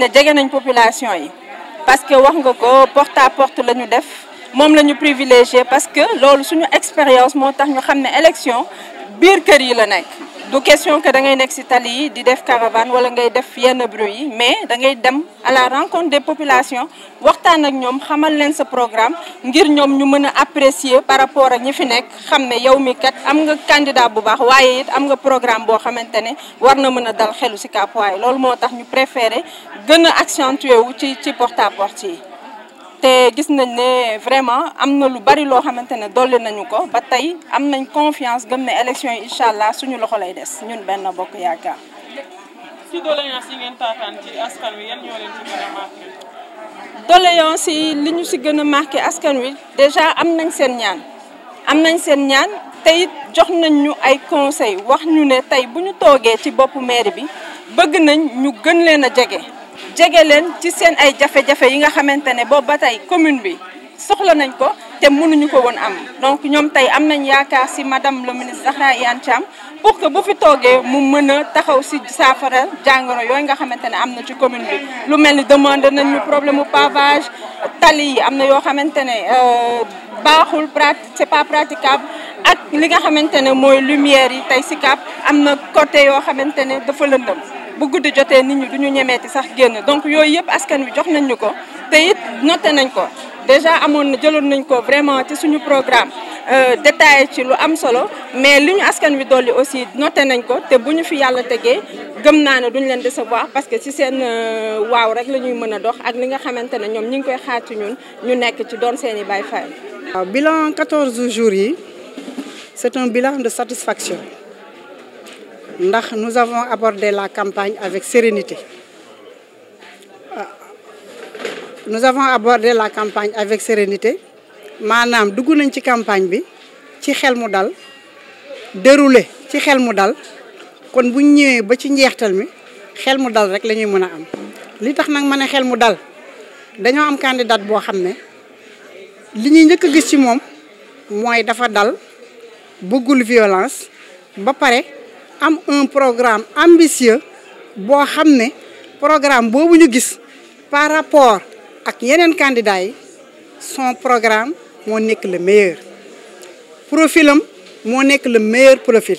ne jege nañ population yi parce que wax nga ko porte à porte la ñu def moom la ñu privilégié parce que loolu suñu expérience moo tax ñu xam ne élection biir kër yi la nekk du question que dangay ngay nekk ci tali yi di def caravane wala ngay def yenn bruit yi mais dangay dem à la rencontre des population waxtaan ak ñoom xamal leen sa programme ngir ñoom ñu mën a apprécier par rapport ak ñi fi nekk xam ne yow mi kat am nga candidat bu baax waaye it am nga programme boo xamante ne war na mën a dal xelu Sicap Waaye loolu moo tax ñu préféré gën a accentuer wu ci ci porte à porte yi. te gis nañ ne vraiment am na lu bari loo xamante ne dolli nañu ko ba tey am nañ confiance gëm ne élection yi allah suñu loxo lay des ñun benn bokk yaakaar. ci doléance yi ngeen taataan ci li ñu si gën a marqué askan wi déjà am nañ seen ñaan am nañ seen ñaan tey jox nañ ñu ay conseil wax ñu ne tey bu ñu toogee ci boppu mairie bi bëgg nañ ñu gën leen a jege. jege leen ci seen ay jafe-jafe yi nga xamante ne boobu ba tey commune bi soxla nañ ko te mënuñu ko woon am donc ñoom tey am nañu yaakaar si madame le ministre Zahra Iyane Thiam pour que bu fi toogee mu mën a taxaw si saafara jàngoro yooyu nga xamante ne am na ci commune bi lu mel ni demande nañ ñu problème mu pavage tali yi am na yoo xamante ne euh, baaxul pratique c'est praticable ak li nga xamante ne mooy lumière yi tey si Cap am na côté yoo xamante ne dafa lëndëm bu guddi jotee nit ñi duñu ñemeeti sax génn donc yooyu yëpp askan wi jox nañ ñu ko te it noté nañ ko déjà amoon na jëloon nañ ko vraiment ci suñu programme euh, détaillé ci lu am solo mais li ñu askan wi dolli aussi noté nañ ko te bu ñu fi yàlla tegee gëm naa ne duñ leen décevoir parce que ci seen euh, waaw rek la ñuy mën a dox ak li nga xamante ne ñoom ñu ngi koy xaar ci ñun ñu nekk ci doon seen i Baye Fall. waaw bilan 14 jours yi c'est un bilan de satisfaction. ndax nous avons abordé la campagne avec sérénité. Ah. Nous avons abordé la campagne avec sérénité maanaam dugg nañ ci campagne bi ci xel mu dal déroulé ci xel mu dal kon bu ñëwee ba ci njeextal mi xel mu dal rek lañuy ñuy mën a am. li tax nag ma ne xel mu dal dañoo am dat boo xam ne li ñuy njëkk a gis ci moom mooy dafa dal bëggul violence ba pare. am un programme ambitieux boo xam ne programme boobu ñu gis par rapport ak yeneen candidats yi son programme moo nekk le meilleur profilam moo nekk le meilleur profil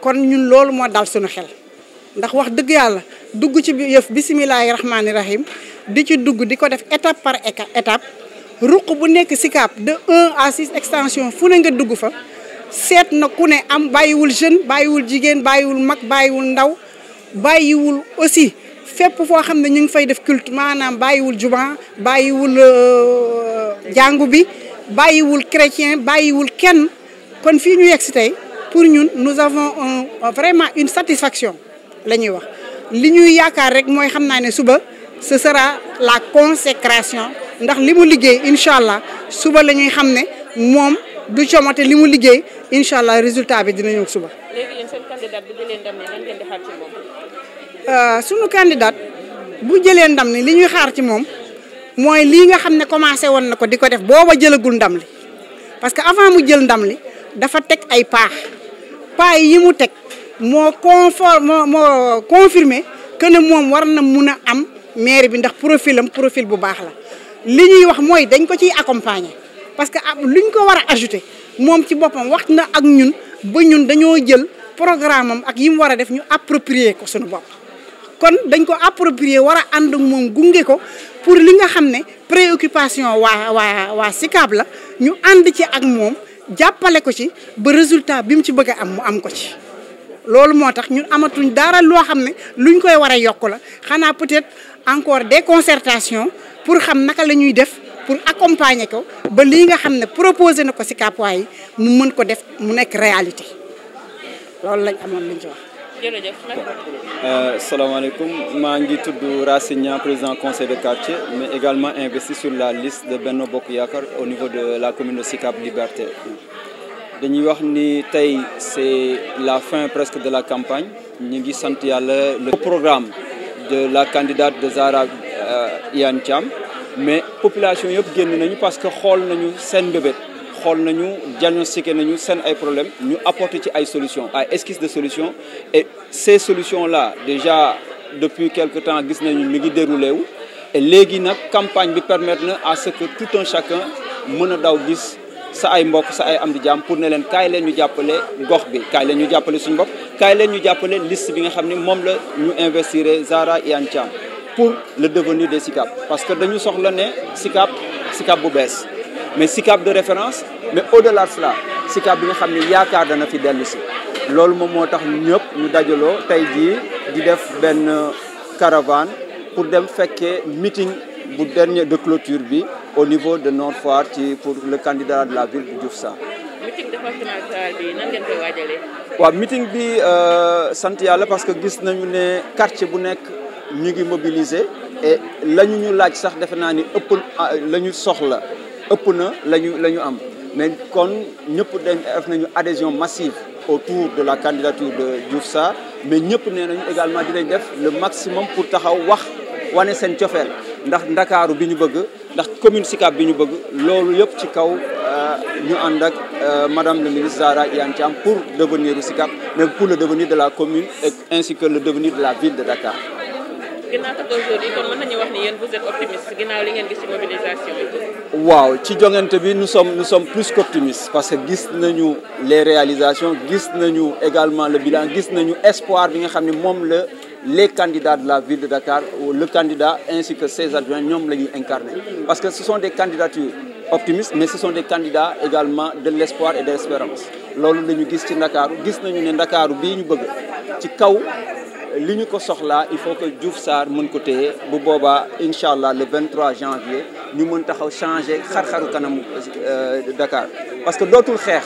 kon ñun loolu moo dal suñu xel ndax wax dëgg yàlla dugg ci yëf bisimilahi rahmaani rahim di ci dugg di ko def étape par étape ruq bu nekk Sicap de 1 à 6 extension fu ne nga dugg fa seet na ku ne am bàyyiwul jeune bàyyiwul jigéen bàyyiwul mag bàyyiwul ndaw bàyyiwul aussi fépp foo xam ne ñu ngi fay def culte maanaam bàyyiwul jumaa bàyyiwul euh, jàngu bi bàyyiwul chrétien bàyyiwul kenn kon fii ñu yegg si tey pour ñun nous avons vraiment une satisfaction la ñuy wax li ñuy yaakaar rek mooy xam naa ne suba ce sera la consécration ndax li mu liggéey incha allah suba la ñuy xam ne moom du comate li mu liggéey incha allah résultat bi dina ñëw suba. léegi yéen seen candidat bu jëlee ndam ni lan ngeen di xaar ci euh, bu jëlee ndam ni li ñuy xaar ci moom mooy lii nga xam ne commencé woon na ko di ko def booba jëlagul ndam li parce que avant mu jël ndam li dafa teg ay paax paax yi mu teg moo conforme moo moo confirmé que ne moom war na mun a am maire bi ndax profil am profil bu baax la li ñuy wax mooy dañ ko ciy accompagner parce que luñ ko war a ajouter. moom ci boppam wax na ak ñun ba ñun dañoo jël programme am ak yi mu war a def ñu approprier ko suñu bopp. kon dañ ko approprier war a ànd ak moom gunge ko pour li nga xam ne préoccupation waa waa waa SICAP la ñu ànd ci ak moom jàppale ko ci ba résultat bi mu ci bëgg a am mu am ko ci. loolu moo tax ñun amatuñ dara loo xam ne lu luñ koy war a yokk la xanaa peut-être encore des concertations pour xam naka la ñuy def. pour accompagner ko ba lii nga xam ne proposé na ko si Kapoa yi mu mën ko def mu nekk réalité loolu lañ amoon luñ ci wax. jërëjëf euh, salaamaaleykum maa ngi tudd Racine Niang président conseil de quartier mais également investi sur la liste de Benno Bokk Yaakaar au niveau de la commune de Sicap Liberté. dañuy wax ni tey c'est la fin presque de la campagne ñu ngi sant yàlla le programme de la candidate de Zahra euh, Iyane Thiam mais population yëpp génn nañu parce que xool nañu seen mbébét xool nañu diagnostiqué nañu seen ay problèmes ñu apporter ci ay solutions ay esquisses de solution et ces solutions la déjà depuis quelque temps gis nañu mi ngi déroulé wu et léegi nag campagne bi permettre na à ce que tout un chacun mën a daw gis sa ay mbokk sa ay am di jàmm pour ne leen kaay leen ñu jàppale gox bi kaay leen ñu jàppale suñu bopp kaay leen ñu jàppale liste bi nga xam ni moom la ñu investir Zahra Iyane Thiam pour le devenir des SICAP parce que dañu soxla ne SICAP SICAP bu bees mais SICAP de référence mais au-delà de cela SICAP bi nga xam ne yaakaar dana fi dellu si loolu moom moo tax ñëpp ñu dajaloo tey jii di def benn caravane pour dem fekkee meeting bu dernier de clôture bi au niveau de Nord Foire ci pour le candidat de la ville bu Diouf Sarr. meeting départemental bi nan ngeen koy waaw meeting bi euh, sant yàlla parce que gis nañu ne quartier bu nekk. ñu ngi mobiliser et la ñu ñu laaj sax defe naa ni ëpp ah, la ñu soxla ëpp na la ñu la ñu am mais kon ñëpp de ref nañu adhésion massive autour de la candidature de Diouf Sarr mais ñëpp nee nañu également dinañ def le maximum pour taxaw wax wane seen cofeel ndax ndakaaru bi ñu bëgg ndax commune Sicap bi ñu bëgg loolu yëpp ci kaw euh, ñu ànd ak euh, madame le ministre Zahra Iyane Thiam pour devenir Sicap mais pour le devenir de la commune et ainsi que le devenir de la ville ginnaaw aujourd'hui mën nañu wax ni yéen vous êtes optimiste ginnaaw li ngeen gis ci mobilisation bi. waaw ci jongante bi nous sommes nous plus qu'optimistes parce que gis nañu les réalisations gis nañu également le bilan gis nañu espoir bi nga xam ne moom la les candidats de la ville de Dakar ou le candidat ainsi que ses adjoints ñoom la ñuy incarner parce que ce sont des candidatures optimistes mais ce sont des candidats également de l'espoir et de l'espérance loolu la ñu gis ci Ndakaaru gis nañu ne Ndakaaru bii ñu bëgg ci kaw. li ñu ko soxlaa il faut que Diouf Sarr mën ko téye bu boobaa incha allah le 23 janvier ñu mën taxaw changer xar-xaru kanam euh, Dakar parce que dootul xeex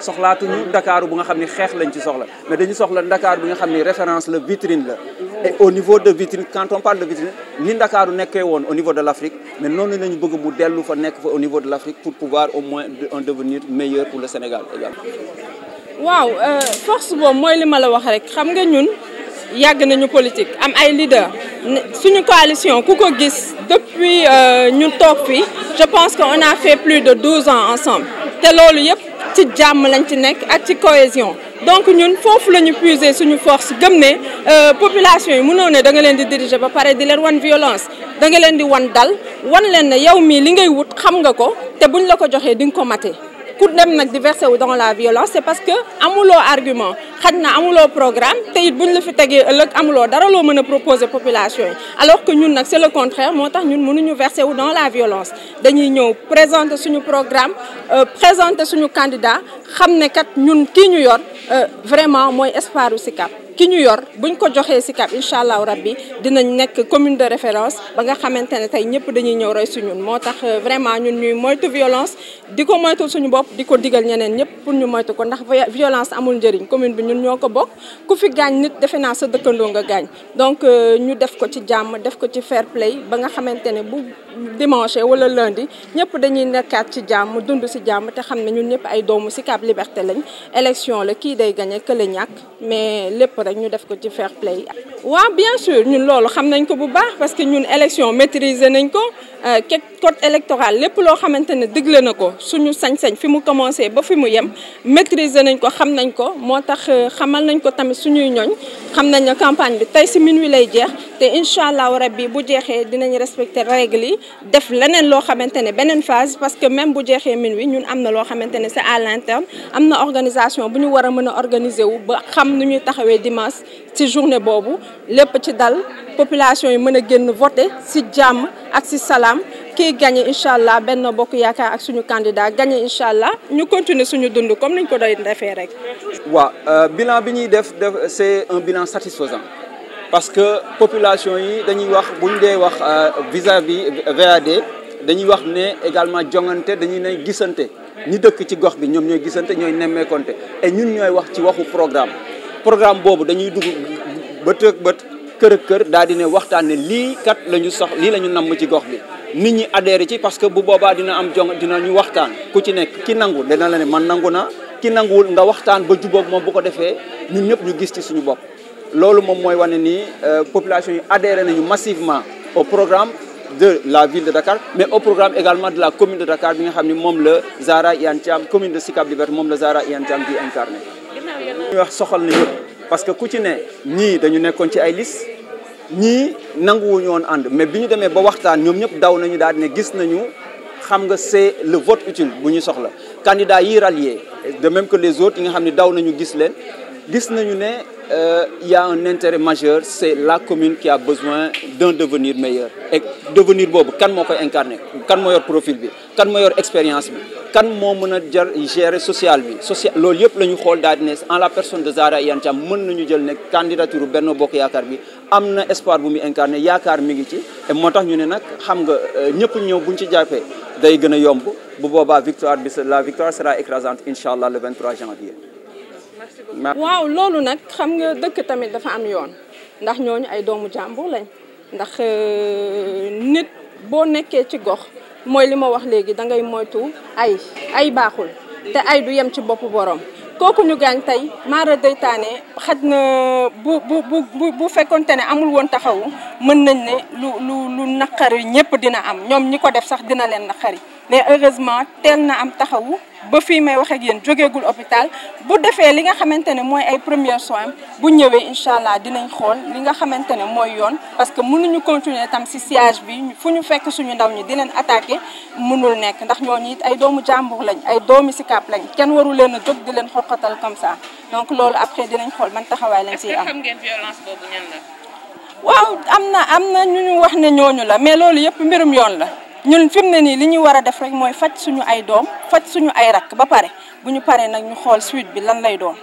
soxlaatuñu Dakar bu nga xam ni xeex lañ ci soxla mais dañu soxla Dakar bi nga xam ne référence la vitrine la et au niveau de vitrine quand on parle de vitrine ni Ndakaaru nekkee woon au niveau de l'Afrique mais noonu lañu bëgg mu dellu fa nekk fa au niveau de l'Afrique pour pouvoir au moins un euh, xam nga ñun yàgg nañu politique am ay leader suñu coalition ku ko gis depuis euh, ñu toog fi je pense que on a fait plus de douze ans ensemble te loolu yëpp ci jàmm lañ ci nekk ak ci cohésion donc ñun foofu la ñu puiser suñu force gëm ne euh, population yi mënoo ne da nga leen di diriger ba pare di leen wan violence da nga leen di wan dal wan leen ne yow mii li ngay wut xam nga ko te buñ la ko joxee di nga ko mate pour dem nag di verser wu dans la violence c'est parce que amuloo argument xaj na amuloo programme te it buñ la fi tegee ëllëg amuloo dara loo mën a proposer population yi alors que ñun nag c'est le contraire moo tax ñun mënuñu verser wu dans la violence dañuy ñëw présenter suñu programme euh, présenter suñu candidat xam ne kat ñun kii ñu yor euh, vraiment mooy espoiru Sicap ki ñu yor buñ ko joxee Sicap incha allahu rabbi dinañ nekk commune de référence ba nga xamante ne tey ñëpp dañuy ñëw roy suñun moo tax euh, vraiment ñun ñuy moytu violence di ko moytu suñu bopp di ko digal ñeneen ñëpp pour ñu moytu ko ndax violence amul njëriñ commune bi ñun ñoo ko bokk ku fi gaañ nit defe naa sa dëkkandoo nga gaañ donc euh, ñu def ko ci jàmm def ko ci fair play ba nga xamante ne bu dimanche wala lundi ñëpp dañuy nekkaat ci jàmm dund si jàmm te xam ne ñun ñëpp ay doomu Sicap Liberté lañ élection la kii day gagné kële ñàkk mais rek ñu def ko ci fair play. waaw bien sûr ñun loolu xam nañ ko bu baax parce que ñun élection maîtriser nañ ko euh, kek code électoral lépp loo xamante ne digle na ko suñu sañ-sañ fi mu commencé ba fi mu yem maîtriser nañ ko xam nañ ko moo tax euh, xamal nañ ko tamit suñuy ñooñ xam nañ na campagne bi tey si wi lay jeex te allah allahu rabbi bu jeexee dinañ respecter règle yi def leneen loo xamante ne beneen phase parce que même bu jeexee minuit ñun am na loo xamante ne c'est à l'interne am a mën a organiser dimanche ci journée boobu lépp ci dal population yi mën a génn voter ci jàmm ak ci salaam kii gagné incha allah benn bokk yaakaar ak suñu candidat gagné incha allah ñu continuer suñu dund comme niñ ko doy defee rek. waaw euh, bilan bi ñuy def def c'est un bilan satisfaisant parce que population yi dañuy wax bu ñu dee wax euh, vis-à-vis VAD dañuy wax ne également jongante dañuy ne gisante ñi dëkk ci gox bi ñoom ñooy gisante ñooy nemmeekonte e ñun ñooy wax ci waxu programme. programme boobu dañuy dugg bët bët kër ak kër daal di ne waxtaan ne lii kat la ñu sox lii la ñu namm ci gox bi nit ñi adhéré ci parce que bu boobaa dina am jong dina ñu waxtaan ku ci nekk ki nangu dina la ne man nangu na ki nanguwul nga waxtaan ba jubóog moom bu ko defee ñun ñëpp ñu gis ci suñu bopp. loolu moom mooy wane nii euh, population yi adhéré nañu massivement au programme de la ville de Dakar mais au programme également de la commune de Dakar bi nga xam ni moom la Zahra moom la Zahra Iyane Thiam ñuy wax soxal na yëpp parce que ku ci ne ñii dañu nekkoon ci ay liste ñii nanguwuñu woon ànd mais bi ñu demee ba waxtaan ñoom ñëpp daw nañu daal ne gis nañu xam nga c'est le vote utile bu ñu soxla candidat yi rallié de même que les autres yi nga xam ne daw nañu gis leen gis nañu ne il euh, y a un intérêt majeur c'est la commune qui a besoin d'un devenir meilleur et devenir boobu kan moo koy incarner kan moo yor profil bi kan moo yor expérience bi kan moo mën a jar gérer social bi social loolu yëpp la ñu xool daadine en la personne de Zahra Iyane Thiam mën nañu jël ne candidature Benno Bokk Yaakaar bi am na espoir bu muy incarner yaakaar mi ngi ci et moo tax ñu ne nag xam nga euh, ñëpp ñëw buñ ci jàppee day gën a yomb bu boobaa victoire bi la victoire sera écrasante incha allah le 23 waaw loolu nag xam nga dëkk tamit dafa am yoon ndax ñooñu ay doomu jàmbur lañ ndax euh, nit boo nekkee ci gox mooy li ma wax léegi da ngay moytu ay ay baaxul te ay du yem ci boppu boroom kooku ñu gaañ tey maara deytaane xaj na bu bu bu bu fekkonte ne amul woon taxawu mën nañ ne lu lu lu naqari ñëpp dina am ñoom ñi ko def sax dina leen naqari mais heureusement teel na am taxawu ba fi may wax ak jógeegul hôpital bu defee li nga xamante ne mooy ay premiers soins bu ñëwee incha allah dinañ xool li nga xamante ne mooy yoon parce que mënuñu continuer tam si siège bi fu ñu fekk suñu ndaw ñi di leen attaqué mënul nekk ndax ñooñu it ay doomu jàmbur lañ ay doomi Sicap lañ kenn waru leen a jóg di leen xoqatal comme ça donc loolu après dinañ xool man taxawaay lañ siy am. xam ngeen violence boobu ñan la. waaw am na am na ñu ñu wax ne ñooñu la mais loolu yëpp mbirum yoon la. ñun fi ne nii li ñuy war a def rek mooy faj suñu ay doom faj suñu ay rakk ba pare bu ñu paree nag ñu xool suite bi lan lay doon.